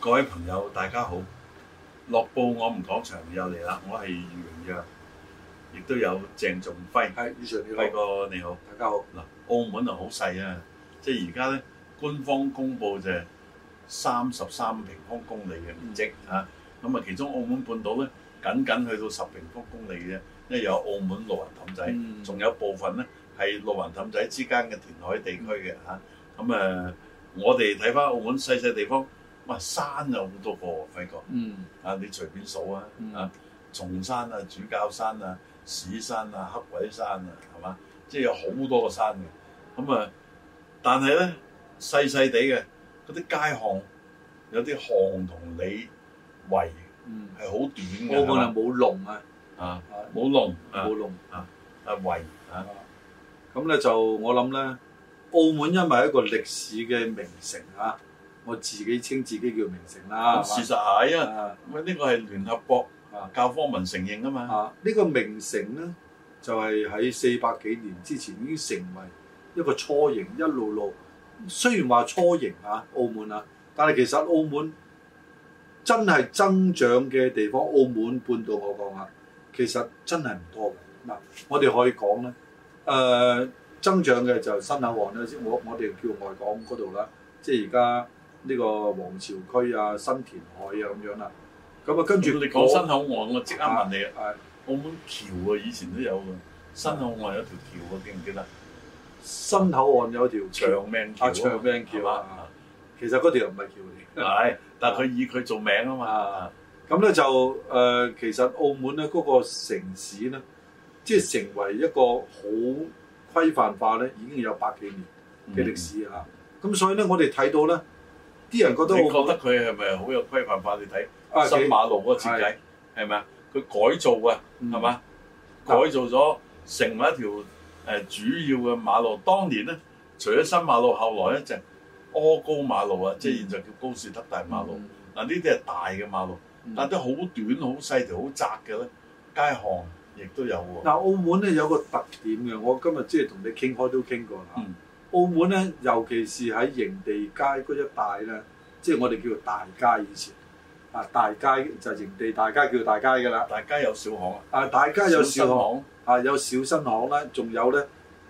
各位朋友，大家好！樂報我哋講場又嚟啦，我係袁若，亦都有鄭仲輝。係、哎，輝哥你好，你好大家好。嗱，澳門啊好細啊，即係而家咧官方公布就係三十三平方公里嘅面積啊，咁啊、嗯嗯、其中澳門半島咧僅僅去到十平方公里嘅，因為有澳門路環氹仔，仲、嗯、有部分咧。係路環氹仔之間嘅填海地區嘅嚇，咁、啊、誒、啊，我哋睇翻澳門細細地方，哇、啊，山有好多個，費過，嗯，啊，你隨便數啊、嗯，啊，松山啊、主教山啊、屎山啊、黑鬼山啊，係嘛？即係有好多個山嘅，咁、啊、誒，但係咧細細地嘅嗰啲街巷，有啲巷同你圍，嗯，係好短嘅，澳門就冇龍啊，啊，冇龍，冇龍、啊，啊，圍、啊，啊。啊。咁咧就我諗咧，澳門因為一個歷史嘅名城啊，我自己稱自己叫名城啦。事實係啊，咁呢、啊、個係聯合國啊教科文承認噶嘛。呢、啊，這個名城咧就係喺四百幾年之前已經成為一個雛形一路路。雖然話雛形啊，澳門啊，但係其實澳門真係增長嘅地方，澳門半島我講啊，其實真係唔多嘅。嗱、啊，我哋可以講咧。誒增長嘅就係新口岸啦，先我我哋叫外港嗰度啦，即係而家呢個皇朝區啊、新填海啊咁樣啦。咁啊，跟住我講新口岸，我即刻問你。誒，澳門橋啊，以前都有嘅，新口岸有條橋啊，記唔記得？新口岸有條長命橋。啊，長命橋啊，其實嗰條唔係橋嚟，係但係佢以佢做名啊嘛。咁咧就誒，其實澳門咧嗰個城市咧。即係成為一個好規範化咧，已經有百幾年嘅歷史啊！咁、嗯、所以咧，我哋睇到咧，啲人覺得你覺得佢係咪好有規範化？你睇新馬路嗰個設計係咪啊？佢幾是改造啊，係嘛、嗯？吧改造咗成為一條誒主要嘅馬路。當年咧，除咗新馬路，後來咧就係、柯高馬路啊，即係現在叫高士德大馬路。嗱、嗯，呢啲係大嘅馬路，嗯、但啲好短、好細、條好窄嘅咧，街巷。亦都有喎、啊。嗱，澳門咧有個特點嘅，我今日即係同你傾開都傾過啦。嗯、澳門咧，尤其是喺營地街嗰一帶咧，即係我哋叫做大街以前。啊，大街就係、是、營地大街，叫大街嘅啦。大街有小巷啊。大街有小巷。小啊，有小新巷啦，仲有咧，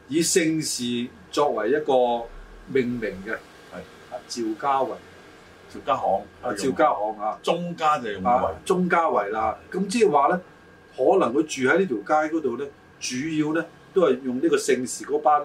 以姓氏作為一個命名嘅。係的。啊，趙家圍。趙家巷。啊，趙家巷啊。中家就係。啊，鍾家圍啦。咁即係話咧。可能佢住喺呢條街嗰度咧，主要咧都係用呢個姓氏嗰班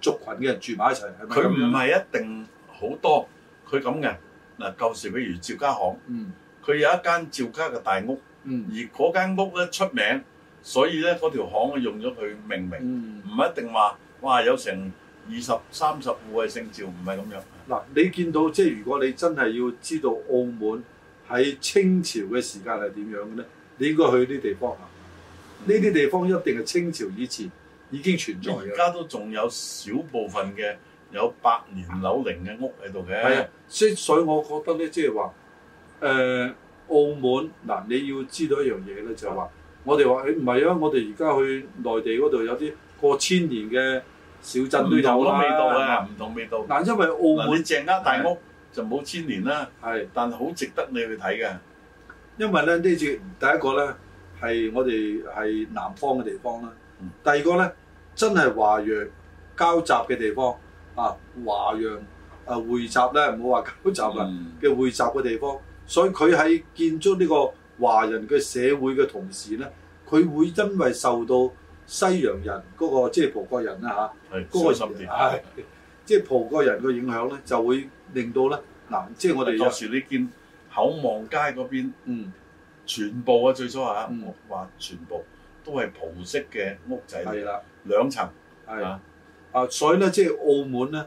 族群嘅人住埋一齊。佢唔係一定好多，佢咁嘅嗱。舊時比如趙家巷，佢、嗯、有一間趙家嘅大屋，嗯、而嗰間屋咧出名，所以咧嗰條巷用咗佢命名，唔、嗯、一定話哇有成二十、三十戶係姓趙，唔係咁樣。嗱，你見到即係如果你真係要知道澳門喺清朝嘅時間係點樣嘅咧？你應該去啲地方嚇。呢啲、嗯、地方一定係清朝以前已經存在，而家都仲有少部分嘅有百年樓齡嘅屋喺度嘅。係啊，即所以，所以我覺得咧，即係話，誒、呃，澳門嗱，你要知道一樣嘢咧，就係、是、話，嗯、我哋話誒唔係啊，我哋而家去內地嗰度有啲過千年嘅小鎮都有啦，唔同，啊、同味道，唔同味道。但因為澳門鄭家大屋就冇千年啦，係的，但係好值得你去睇嘅。因為咧呢次第一個咧係我哋係南方嘅地方啦，嗯、第二個咧真係華洋交集嘅地方啊，華洋啊匯集咧，唔好話交集啦嘅匯集嘅地方，所以佢喺建築呢個華人嘅社會嘅同時咧，佢會因為受到西洋人嗰、那個即係葡國人啦嚇，嗰個人係即係葡國人嘅影響咧，就會令到咧嗱，即、啊、係、就是、我哋有時你見。嗯九望街嗰邊，嗯，全部啊，最初啊，話全部都係葡式嘅屋仔嚟，兩層，啊，所以咧，即係澳門咧，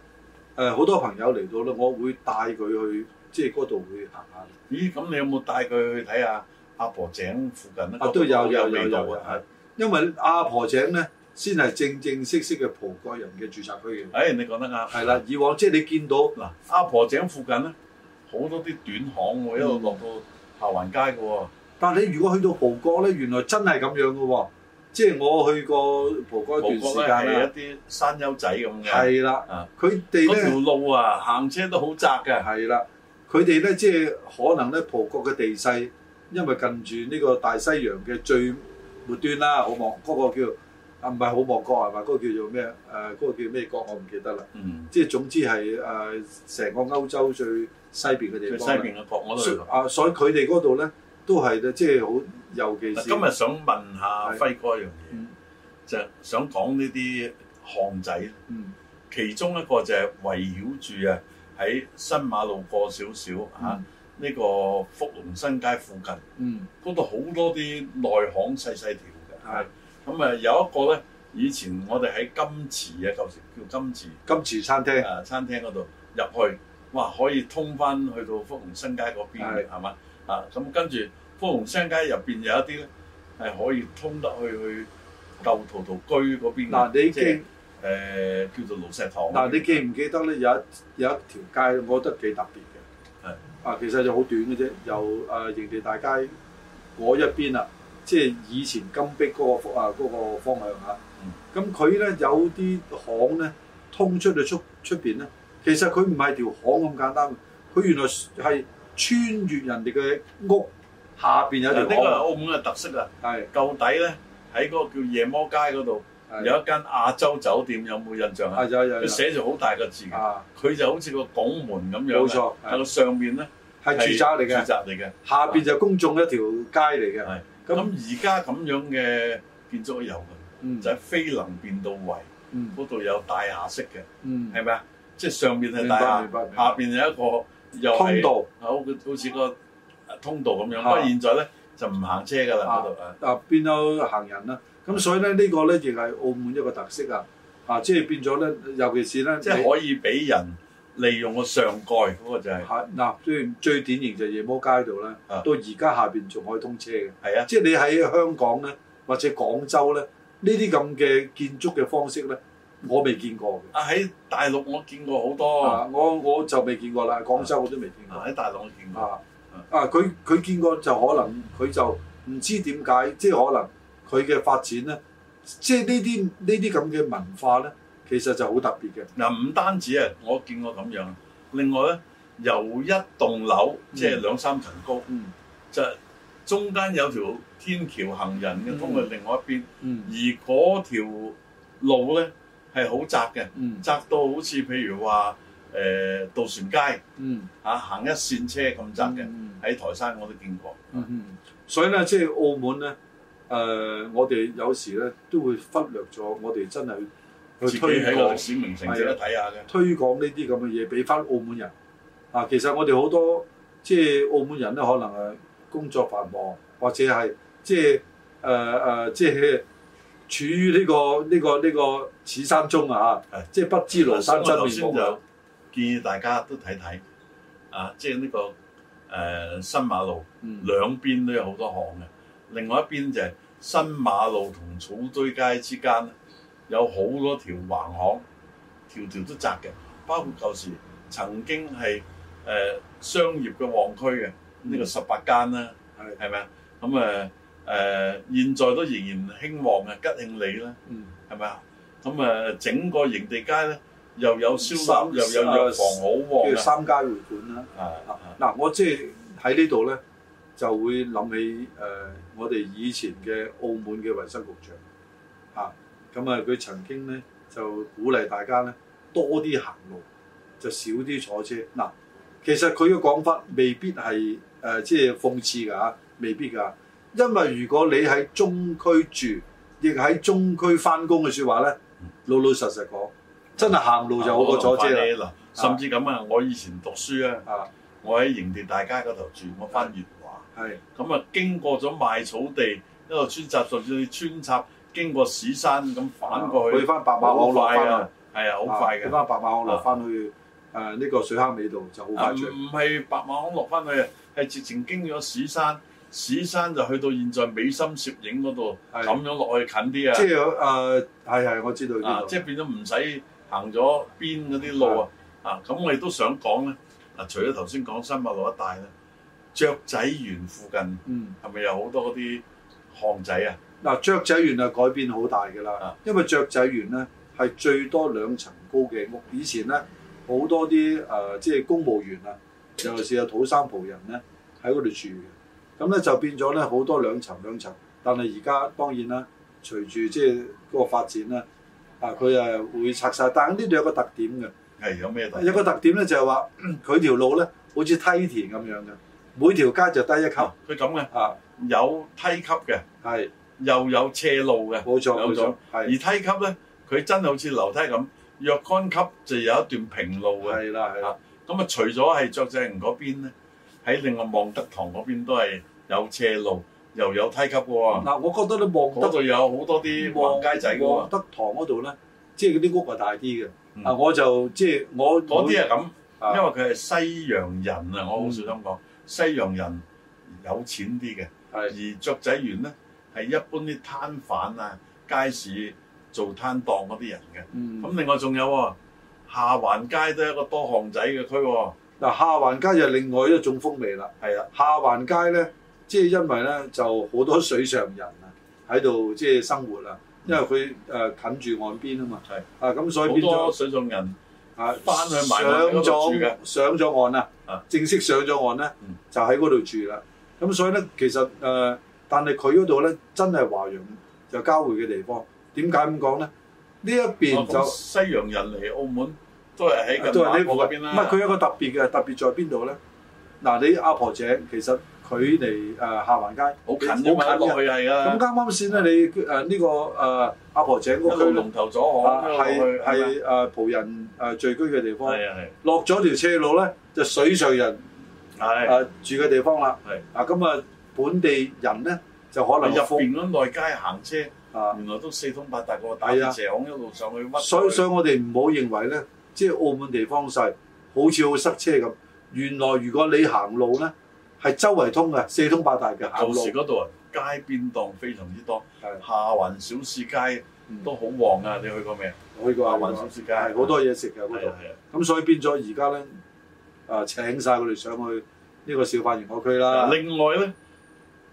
誒，好多朋友嚟到咧，我會帶佢去，即係嗰度去行下。咦，咁你有冇帶佢去睇下阿婆井附近咧？啊，都有有味道啊，係，因為阿婆井咧，先係正正式式嘅葡國人嘅住宅區嘅。誒，你講得啱。係啦，以往即係你見到嗱，阿婆井附近咧。好多啲短巷喎，一路落到下環街嘅喎、哦嗯。但係你如果去到葡國咧，原來真係咁樣嘅喎、哦。即係我去過葡國一段時間啦，一啲山丘仔咁嘅。係啦的，佢哋嗰條路啊，行車都好窄嘅。係啦，佢哋咧即係可能咧，葡國嘅地勢，因為近住呢個大西洋嘅最末端啦、啊，好望，嗰、那個叫。唔係好望角係嘛？嗰個叫做咩？誒嗰個叫咩角？我唔記得啦。嗯。即係總之係誒成個歐洲最西邊嘅地方，最西邊嘅角，我都以。啊，所以佢哋嗰度咧都係即係好、嗯、尤其是。今日想問下輝哥一樣嘢，就係想講呢啲巷仔。嗯。嗯，其中一個就係圍繞住啊，喺新馬路過少少嚇，呢、嗯啊，這個福隆新街附近。嗯。嗰度好多啲內巷細細條嘅。係、就是。咁啊，有一個咧，以前我哋喺金池嘅舊時叫金池，金池餐廳啊，餐廳嗰度入去，哇，可以通返去到福隆新街嗰邊嘅，係嘛對？啊，咁跟住福隆新街入邊有一啲咧，係可以通得去去，去舊陶陶居嗰邊。嗱，你記誒叫做爐石塘。嗱，你記唔記得咧？有一有一條街，我覺得幾特別嘅。係的啊，其實就好短嘅啫，又誒營地大街嗰一邊啦。即係以前金碧嗰個方啊，嗰個方向嚇。咁佢咧有啲巷咧通出到出出邊咧，其實佢唔係條巷咁簡單。佢原來係穿越人哋嘅屋下邊有條巷。呢個係澳門嘅特色啊！係。舊底咧喺嗰個叫夜魔街嗰度，有一間亞洲酒店，有冇印象啊？係有有。佢寫住好大個字啊！佢就好似個拱門咁樣。冇錯。喺個上面咧係住宅嚟嘅。住宅嚟嘅。下邊就公眾一條街嚟嘅。係。咁而家咁樣嘅建築都有嘅，就係非能變到為，嗰度有大廈式嘅，係咪啊？即係上面係大廈，下邊有一個又通道，好似個通道咁樣。不過現在咧就唔行車噶啦嗰度啊，但變咗行人啦。咁所以咧呢個咧亦係澳門一個特色啊！啊，即係變咗咧，尤其是咧，即係可以俾人。利用個上蓋嗰個就係嗱，最最典型就係夜魔街度啦，到而家下邊仲可以通車嘅。係啊，即係你喺香港咧或者廣州咧呢啲咁嘅建築嘅方式咧，我未見過嘅。啊，喺大陸我見過好多，我我就未見過啦，廣州我都未見過。喺大陸我見過，啊，佢佢見過就可能佢就唔知點解，即係可能佢嘅發展咧，即係呢啲呢啲咁嘅文化咧。其實就好特別嘅，嗱唔單止啊，我見過咁樣。另外咧，由一棟樓即係兩三層高，嗯、就中間有條天橋行人嘅通去另外一邊。而嗰條路咧係、嗯、好窄嘅，窄到好似譬如話誒、呃、渡船街嚇、嗯、行一線車咁窄嘅。喺、嗯、台山我都見過。嗯嗯、所以咧，即係澳門咧，誒、呃、我哋有時咧都會忽略咗，我哋真係。推喺歷史名城度睇是下嘅，推廣呢啲咁嘅嘢俾翻澳門人。啊，其實我哋好多即係澳門人咧，可能係工作繁忙，或者係即係誒誒，即係、呃、處於呢、呢個呢、呢個呢、呢個、呢個、此山中啊，的即係不知廬山真面目。就建議大家都睇睇啊，即係、這、呢個誒、呃、新馬路、嗯、兩邊都有好多巷嘅，另外一邊就係新馬路同草堆街之間。有好多條橫巷，條條都窄嘅，包括舊時曾經係誒商業嘅旺區嘅，呢、嗯、個十八間啦，係咪啊？咁啊，誒、嗯，現在都仍然興旺嘅吉慶里啦，嗯，係咪啊？咁啊，整個營地街咧，又有消，又有又有藥房好旺嘅三街會館啦，啊嗱，啊啊我即係喺呢度咧，就會諗起誒、呃、我哋以前嘅澳門嘅衛生局，局長，嚇、啊。啊咁啊，佢曾經咧就鼓勵大家咧多啲行路，就少啲坐車。嗱，其實佢嘅講法未必係誒，即係諷刺㗎嚇，未必㗎。因為如果你喺中區住，亦喺中區翻工嘅説話咧，老老實實講，真係行路就好過坐車啦。嗱，甚至咁啊，我以前讀書啊，我喺營地大街嗰頭住，我翻粵華，咁啊經過咗賣草地一個穿插，甚至穿插。經過屎山咁反過去，去翻白馬嶺落翻，係啊，好快嘅。去翻白馬嶺落翻去誒呢個水坑尾度就好快。唔唔係白馬嶺落翻去，啊，係直情經咗屎山，屎山就去到現在美心攝影嗰度，咁樣落去近啲啊。即係誒係係，我知道啊。即係變咗唔使行咗邊嗰啲路啊。啊咁，我亦都想講咧。嗱，除咗頭先講新馬路一帶咧，雀仔園附近，嗯，係咪有好多啲巷仔啊？嗱、啊、雀仔園啊，改變好大㗎啦，因為雀仔園咧係最多兩層高嘅屋。以前咧好多啲誒、呃、即係公務員啊，尤其是有土生葡人咧喺嗰度住嘅。咁咧就變咗咧好多兩層兩層，但係而家當然啦，隨住即係嗰個發展啦，啊佢誒會拆晒。但係呢度有個特點嘅。係有咩特點？有特點，個特點咧就係話佢條路咧好似梯田咁樣嘅，每條街就低一級。佢咁嘅啊，啊有梯級嘅係。又有斜路嘅，冇錯冇錯，而梯級呢，佢真係好似樓梯咁。若干級就有一段平路嘅，係啦，係啦。咁啊，除咗係雀仔園嗰邊咧，喺另外望德堂嗰邊都係有斜路，又有梯級喎。嗱，我覺得你望德嗰度有好多啲望街仔嘅喎。德堂嗰度呢，即係嗰啲屋係大啲嘅。啊，我就即係我嗰啲係咁，因為佢係西洋人啊，我好少心講，西洋人有錢啲嘅，而雀仔園呢。係一般啲攤販啊，街市做攤檔嗰啲人嘅。咁、嗯、另外仲有喎，哦，下環街都係一個多巷仔嘅區，哦。嗱，下環街就另外一種風味啦，係啦。下環街咧，即、就、係、是、因為咧就好多水上人啊喺度即係生活啦，因為佢誒、呃、近住岸邊啊嘛。係的啊，咁所以變咗水上人啊，翻去買物住嘅，上咗岸啦，啊，正式上咗岸咧，啊、就喺嗰度住啦。咁所以咧，其實誒。呃但係佢嗰度咧，真係華洋就交匯嘅地方。點解咁講咧？呢一邊就西洋人嚟澳門都係喺近邊，都喺呢邊啦。唔係佢有個特別嘅，特別在邊度咧？嗱，你阿婆井其實佢離誒下環街，好近啲嘛落去係㗎。咁啱啱先咧，你誒呢個誒阿婆井嗰區，龍頭左巷係葡人誒聚居嘅地方。係啊，落咗條斜路咧，就水上人係誒住嘅地方啦。係啊，咁啊！本地人咧就可能入邊嗰內街行車啊，原來都四通八達個，但係成一路上去乜？所以所以，我哋唔好認為咧，即係澳門地方細，好似好塞車咁。原來如果你行路咧，係周圍通嘅，四通八達嘅行路。舊時嗰度街邊檔非常之多，下環小市街都好旺噶。你去過未啊？我去過下環小市街好多嘢食嘅嗰度。咁所以變咗而家咧，啊請晒佢哋上去呢個小販娛樂區啦。另外咧。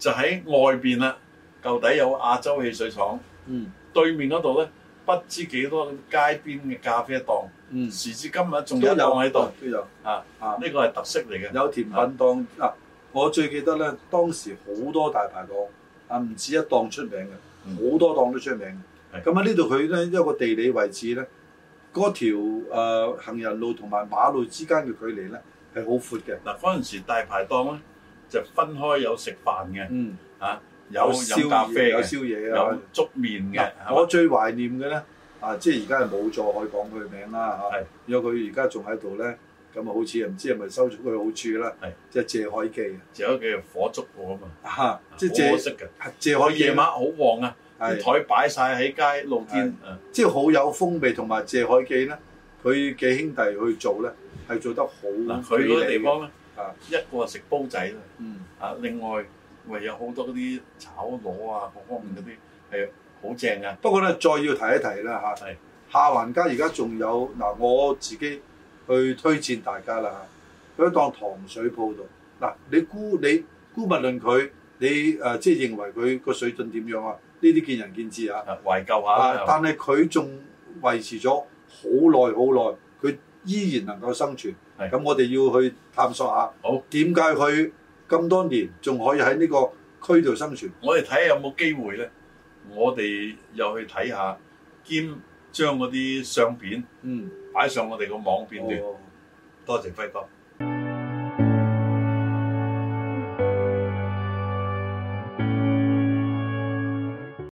就喺外邊啦，舊底有亞洲汽水廠，嗯，對面嗰度咧，不知幾多街邊嘅咖啡檔，嗯，時至今日仲有喺度，都有啊啊，呢個係特色嚟嘅，有甜品檔是啊，我最記得咧，當時好多大排檔，啊唔止一檔出名嘅，好多檔都出名，咁啊、嗯嗯、呢度佢咧一個地理位置咧，嗰條、呃、行人路同埋馬路之間嘅距離咧係好闊嘅，嗱嗰陣時大排檔咧。就分開有食飯嘅，嚇有有咖啡嘅，有粥麵嘅。我最懷念嘅咧，啊，即係而家係冇咗海港佢嘅名啦嚇。如果佢而家仲喺度咧，咁啊，好似唔知係咪收咗佢好處啦。係即係謝海記，謝海記火燭過啊嘛。嚇，即係謝海夜晚好旺啊，啲台擺晒喺街路邊，即係好有風味同埋謝海記咧。佢嘅兄弟去做咧，係做得好。佢嗰個地方咧。一個啊食煲仔啦，嗯啊另外，唯有好多嗰啲炒螺啊各方面嗰啲係好正㗎。一一不過咧，再要提一提啦嚇，啊、是下環街而家仲有嗱，我自己去推薦大家啦嚇，佢、啊、檔糖水鋪度嗱，你估你估勿論佢，你誒、啊、即係認為佢個水準點樣啊？呢啲見仁見智啊，啊懷舊下、啊、但係佢仲維持咗好耐好耐，佢依然能夠生存。咁我哋要去探索下，點解佢咁多年仲可以喺呢個區度生存？我哋睇下有冇機會咧？我哋又去睇下，兼將嗰啲相片嗯擺上我哋個網邊度。哦、多謝輝哥。